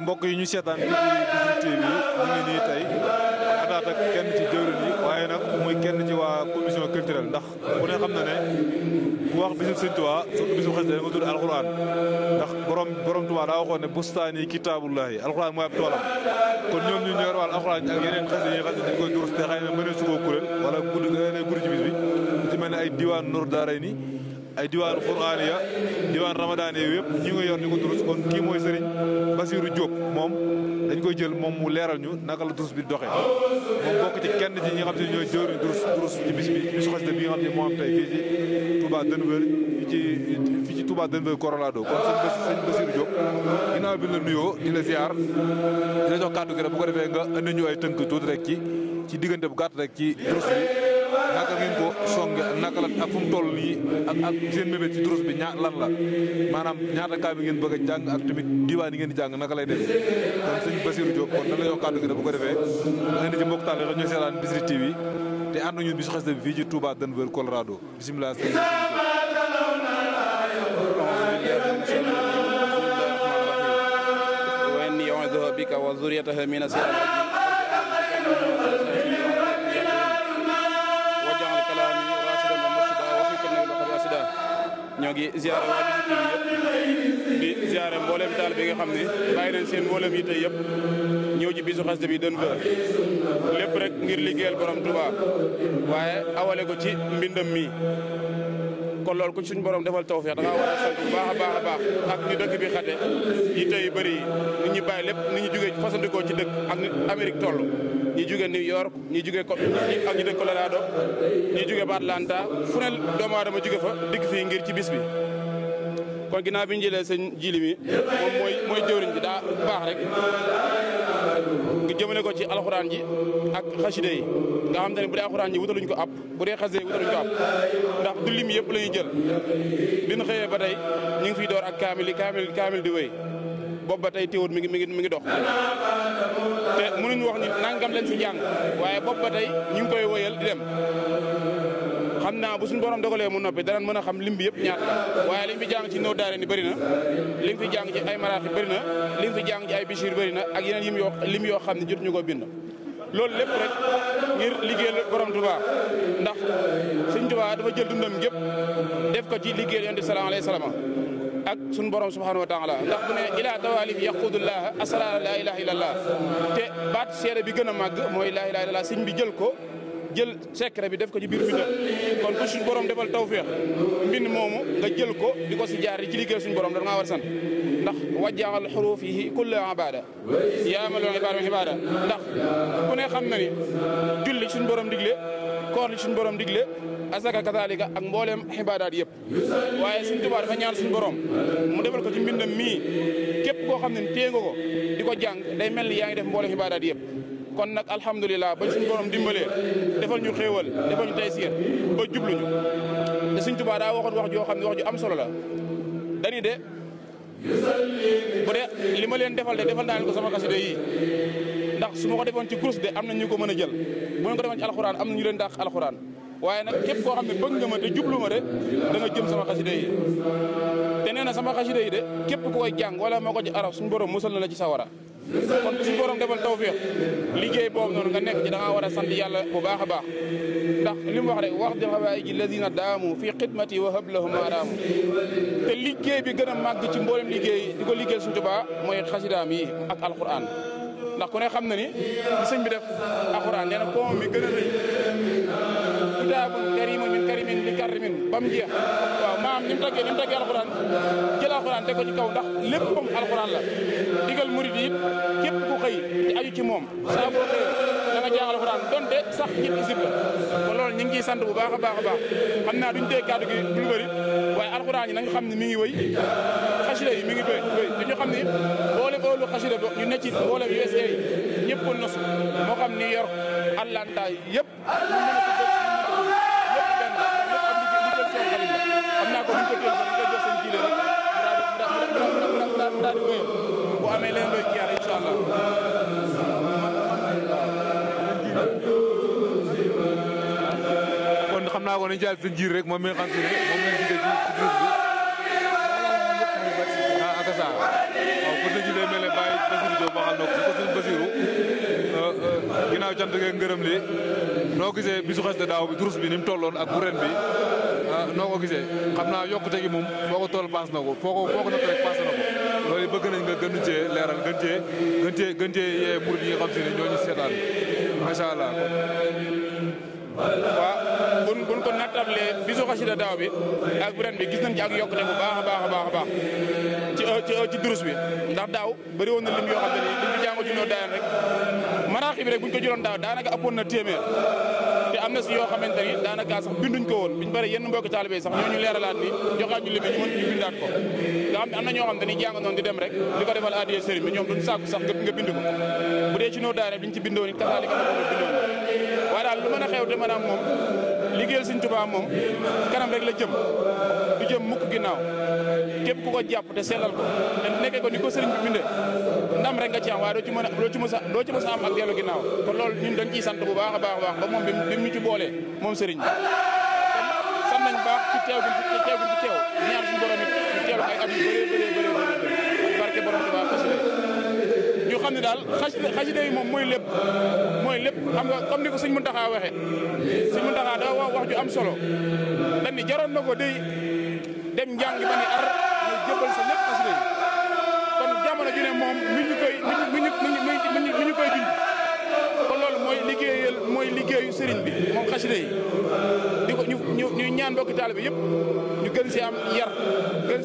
mbokk yi ñu seetaan ci Bichri TV bi am na nii tey àndaat kenn ci jëwriñ yi waaye nag muy kenn ci waa commission culturelle ndax ku ne xam na ne ku wax bisub Sëñ Tuubaa surtout bisub xasida da nga tudd alxuraan ndax borom borom daa waxoon ne bustaani kitaabullaahi alxuraan mooy ab toolam kon ñoom ñu ñëwar wàll alxuraan ak yeneen xasida yi nga xam koy durus te xëy mënee su koo kuréel wala gudd yeneen guddi ci bis ci mel ay diwaan Noor Daarayni ay diwaanu quraani ya diwaan ramadaan ya yëpp ñi nga yor di ko durus kon kii mooy sëriñ Basiirou Diop moom dañ koy jël moom mu leeral ñu naka la durus bi doxee moom bokk ci kenn ci ñi xam te ñooy jëwriñ durus durus ci bis bi bisu xasida bi nga xam ne moo am tey fii ci Touba Denver fii ci fii ci Touba Denver kon sëñ sëñ Basiirou Diop ginnaaw bi la nuyoo di la ziar di la jox rek bu ko defee nga indi ñu ay tënk tuuti rek ci ci diggante bu gàtt rek ci durus naka ngeen la ak bi ñaa lan la maanaam ñaata kaa bi ngeen bëgg a jàng ak yi ngeen di jàng naka lay def kon sëñ Basiru kon nan la yow kàddu gi da bu ko defee ngeen ci mbokk tàlle ñu seetaan Bichri TV te ànd ñu bisu xasida bi fii ci Touba Denver Colorado bisimilah wa inni a'uudu bika wa zurriyataha min ñoo ngi ziare waa di ziare mboolem taal bi nga xam ne bàyyi nañ seen mboolem yi tey yëpp ñëw ci bisu xasida bi dën fa lépp rek ngir liggéeyal borom Tuubaa waaye awale ko ci mbindam mi kon loolu ku ci suñu borom defal tawfeex da ngaa war a sant bu ak ni dëkk bi xate yi tey bëri nit ñi bàyyi lépp nit ñi jugee fasandikoo ci dëkk ak ni Amérique toll ñi jugee New York ñi jugee ak ñi dëkk Colorado ñi jugee ba Atlanta fu ne doomu aadama jugee fa dikk fii ngir ci bis bi kon ginnaaw bi ñu jëlee sëñ jili mooy mooy jëwriñ bi daa baax rek nga jëmale ko ci alxuraan ji ak xaside yi nga xam te ne bu dee alxuraan ji wutaluñ ko ab bu dee xaside wutaluñ ko ab ndax du lim yëpp la jël bi ñu xëyee ba tey ñu ngi fiy door ak kaamil yi kaamil kaamil di wéy boobu ba tey téewut mi ngi mi ngi mi ngi dox te mënuñ wax ni nangam leen si jàng waaye boobu ba tey ñu ngi koy wéyal di dem xam naa bu suñu borom dogalee mu noppi danañ mën a xam lim bi yëpp ñaata la waaye liñ fi jàng ci noo daare ni bëri na liñ ci ay maraaxi bëri na liñ fi jàng ci ay bichir bëri na ak yeneen yim yoo lim yoo xam ne jot ñu ko bind loolu lépp rek ngir liggéeyal borom Tuubaa ndax suñ Tuubaa dafa jël dundam gépp def ko ci liggéey yonent bi sallallaahu alayhi wa sallam ak suñ borom subhaanahu wa taala ndax bu ne ilaa tawaalif yaqudullaaha asraar laa ilaaha illallaah te baat seere bi gën a màgg mooy laa ilaaha illallaah sëñ bi jël ko jël secret bi def ko ci bi kon ku suñu borom defal tawféex mbind moomu nga jël ko di ko si jaar ci liggéey suñu borom danga war sant ndax wajjaxal xuruufihi kulla ibada yaamalu ibada ibada ndax ku ne xam na ni julli suñu borom digle koor li suñu borom digle asaka kazalika ak mbooleem xibaadaat yëpp waaye suñ Tuubaa dafa ñaan suñu borom mu defal ko ci mbindam mii képp koo xam ne téye nga ko di ko jàng day mel ni yaa ngi def mbooleem xibaadaat yëpp kon nag alhamdulilah ba suñu borom dimbalee defal ñu xéewal defal ñu taysiir ba jubluñu te suñ tubaa daa waxoon wax joo xam ne wax ju am solo la dañu de bu dee li ma leen defal de defal naa ko sama xasida yi ndax su ma ko defoon ci course de am na ñu ko mën a jël bu ma ko defoon ci alxuraan am na ñu leen dàq alxuraan waaye nag képp koo xam ne bëgg nga ma te jublu ma de da nga jëm sama xasida yi te nee sama xasida yi de képp ku koy ko ci araf suñu borom musal na la ci sawara kon suñu borom defal tawféex liggéey boobu noonu nga nekk ci da ngaa war a sant yàlla bu baax a baax ndax li mu wax rek wax di xawaay ji lazina daamu fii xidmati wa hablahum araamu te liggéey bi gën a màgg ci mboolem liggéey di ko liggéey suñu Tuubaa mooy xasidaam yi ak alquran ndax ku ne xam na ni li sëñ bi def alquran nee koom bi gën a rëy kitaabun kariim karimin li karimin ba mu jeex waaw maam ni mu taggee ni alxuraan jël alxuraan teg ko ci kaw ndax léppam alxuraan la digal murid yi képp ku xëy di aju ci moom saa xëy da nga jàng alxuraan donte sax ñit isib la kon loolu ñu ngi ciy sant bu baax a baax a baax xam naa duñ tee kàddu gi duñ bëri waaye alxuraan yi nañ xam ne mi ngi wëy xasida yi mi ngi wëy dañu xam ne boole boolu xasida do ñu ne ci boole USA yi ñëpp nos moo xam ni yor àllantaay yëpp xam naa ko bu ñu ko téye dañ koy jox seen jiile rek mu daal mu daal di wéyal bu amee leen looy kiyaar incha allah. kon xam naa ko dañu si àll seen jiir rek moom mi nga xam si ne moom la ñu jiite ci ci akasa waaw pour sëñ bi day mel ne bàyyi Basiru Diop waxal na ko ko sëñ Basiru ngërëm li noo gisee bisu xes de daaw bi durus bi ni mu tolloon ak bu ren bi euh, noo ko gisee xam naa yokkute gi moom foo ko toll paas na ko foo ko foo ko natt rek paas na bëgg nañ nga gën cee leeral gën cee gën gën cee yee murid yi xam si ne seetaan macha allah waaw kon buñ ko nattable bisu xasida daaw bi ak ren bi gis nañ ci ak yokkute bu baax a baax a baax ci ci durus bi ndax daaw bëri woon na lim yoo xam ne nii liñ fi jàngoo ci ñoo daan rek maraax bi rek buñ ko jëloon am na si yoo xamante ni daanaka sax binduñ ko woon biñ bëri yenn mbokki taalibe sax ñoo ñu leeralaat ni joxaat ñu lim ñu mën ñu bindaat ko nga xam ne am na ñoo xam ne ni jàng noonu di dem rek di ko defal addiye sëriñ bi ñoom duñ sàkku sax nga bind ko bu dee ci ñoo daan rek liñ ci bindoon it kasaalika ko bindoon lu mën a xew te maanaam moom liggéeyal Sëñ Tuubaa moom kanam rek la jëm bu jëm mukk ginnaaw képp ku ko jàpp te sellal ko te nekkee ko ni ko sëriñ bi bindee ndam rek nga ci am waaye doo ci mën a doo ci mës a doo a am ginnaaw kon loolu ñun dañ ciy sant bu baax a baax a baax ba moom bi mu ñu ci boolee moom sëriñ bi sant nañ baax ci teew gi ci teew gi ci teew ñaan suñu borom it ñu teelu ay at yu bëree bëree bëree barke borom Tuubaa xam ne daal xasida yi moom mooy lépp mooy lépp xam nga comme ni ko sëñ Muntaxa waxee sëñ Muntaxa da wax wax ju am solo dañ ni jaroon na ko day dem njàngi ba ne ar ñu jëbal sa lépp xasida yi kon jamono ju ne bi moom ko ñu ñu ñaan mbokki taalibe yëpp ñu si am yar gën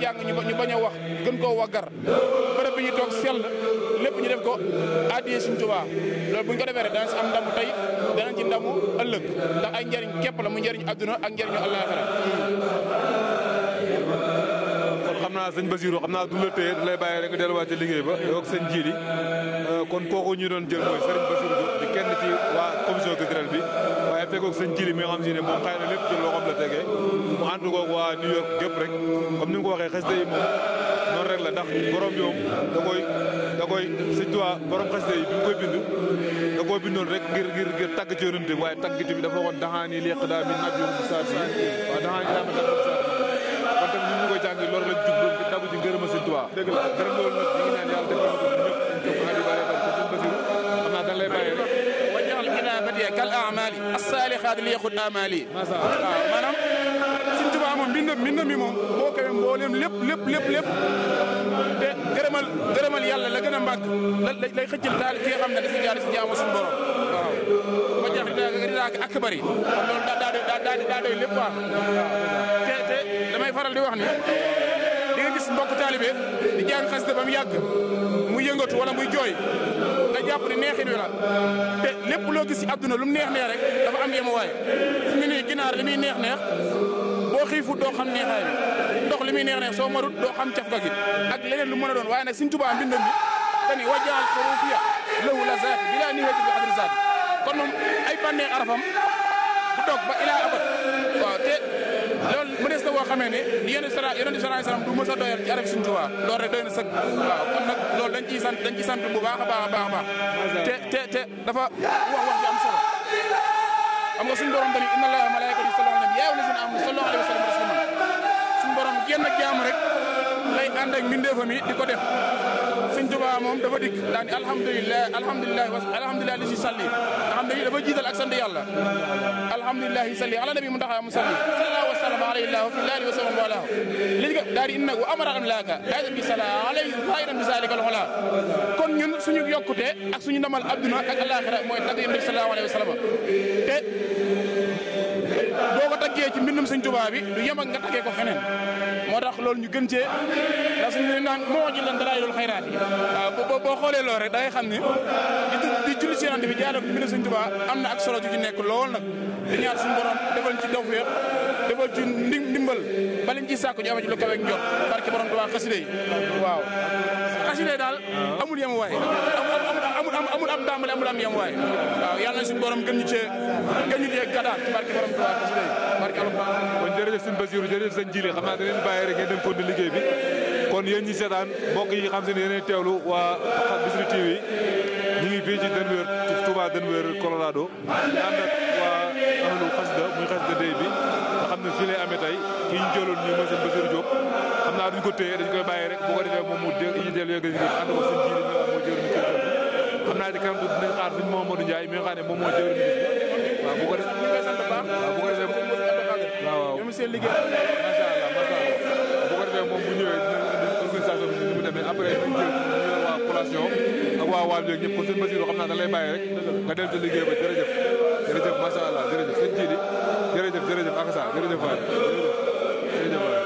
jàng ñu bañ a wax gën koo waggar bi ñu toog sell lépp ñu def ko addiyee suñ Tuubaa loolu bu ñu ko defee rek danañ si am ndamu tey danañ ci ndamu ëllëg ndax ay njëriñ képp la mu njëriñ adduna ak njëriñu àllaaxira naa sëñ Basiru xam naa du la tëye da lay bàyyi rek liggéey ba yow ak sëñ euh, kon kooku ñu doon jël mooy sëriñ Basiru Diop di kenn ci waa commission culturelle bi waaye fekkoog sëñ Jili mi nga xam si ne moom xëy na lépp ci loxoom la tegee mu ànd koog waa New York gépp rek comme ni nga ko waxee xeste yi moom noonu rek la ndax borom yoom da koy da koy sëñ Tuubaa borom xeste yi bi mu koy bind da koo rek ngir ngir ngir tagg ci yonante waaye tagg ci bi dafa waxoon daxaani liqdaa mi nab yo saat si dëgg la gërëm loolu nag ñu ngi naan yàlla defal ko ñëpp ñu ko xadi bare ko ci basiru xam naa dañ lay bàyyi rek wajal inabati kal a'mali as-salihat li yaqud amali maanaam Sëriñ Tuubaa moom mbindam mbindam mi moom boo kawee mboolem lépp lépp lépp lépp te gërëmal gërëmal yàlla la gën a mbàgg la lay xëccal daal ki nga xam ne dafa jaar si jaamu suñu borom waaw wajal ridaaka akbar yi loolu daa daa daa doy lépp waaw te te damay faral di wax ni gis mbokk taalibe di jàng xasida ba mu yàgg mu yëngatu wala muy jooy nga jàpp ne neexit wi la te lépp loo gis ci àdduna lu mu neex neex rek dafa am yemuwaay fi mu nii ginaar li muy neex neex boo xiifut doo xam neexaay bi li muy neex neex soo marut doo xam caf ga gi ak leneen lu mën a doon waaye nag Sëriñ Tuubaa mbindam bi tani a xurufiya lahu la zaati bi laa nihaati bi adri zaati kon moom ay bànneex arafam bu toog ba ilaa abat waaw te loolu mu des na boo xamee ne yéen sara yéen di sara salaam du mës a doyal ci araf suñu Tuubaa loolu rek doy na sëkk waaw kon nag loolu dañ ciy sant dañ ciy sant bu baax a baax a baax a te te te dafa wax wax ji am xam nga suñu borom tamit inna allaha wa malaikatahu yusalluna ala nabi yaa ayyuhal lazina amanu sallu alayhi wa sallimu taslima suñu borom génn rek lay ànd ak mbindeefam yi di ko def sëñ Tuubaa moom dafa dikk daa ni alhamdulilah alhamdulilah alhamdulilah li si salli nga xam ne dafa jiital ak sant yàlla alhamdulilah yi salli ala nabi mu ndaxaa mu salli sallallahu wa sallam alayhi wa fi laali wa sallam wala léegi nga daa di inna wa amara am laaka daa di sala alayhi zahiran bi zalika al xola kon ñun suñu yokkute ak suñu ndamal adduna ak alaxira mooy tagg yam bi sallallahu alayhi wa te tëggee ci mbindum sëñ Tuubaa bi du yem ak nga tëggee ko feneen moo tax ñu gën cee ndax suñu naan moo ñu lan daraay loolu xayraat yi waaw boo xoolee loolu rek da ngay xam ne di julli ci Yonent bi jaarale ko ci mbindum sëñ Tuubaa am na ak solo ju ci nekk lool nag di ñaar suñu borom defal ci tawfeex defal ci ndimbal ba liñ ci sàkku ñu amee ci lu kawe ak njot barke borom Tuubaa xasida yi waaw xasida daal amul yem waay amul amul am amul yem waay waaw yàlla na suñu borom gën ñu cee gën ñu cee gadaat barke borom Tuubaa xasida yi barke alhamdulilah kon jërëjëf sëñ Basiru jërëjëf sëñ Jili xam naa da leen bàyyi rek ngeen dem liggéey bi kon yéen ñi seetaan mbokk waa Bichri TV ñu waa ahlu xasida bi xam na fii lay amee tey ki ñu jëloon nii mooy sëñ Bassirou xam naa duñ ko téye dañ koy bàyyi rek bu ko defee moom mu ñu dellu yëg liggéey ànd ko sëñ moo jëriñu kër xam naa di kanam tuuti xaar sëñ Mamadou Ndiaye mi nga xam ne moom moo jëriñu waaw bu ko defee waaw bu ko defee waaw waaw fédération ak waa waa bi ñëpp ko seen mesure xam naa da lay bàyyi rek liggéey ba jërëjëf jërëjëf macha allah jërëjëf sëñ Jili jërëjëf jërëjëf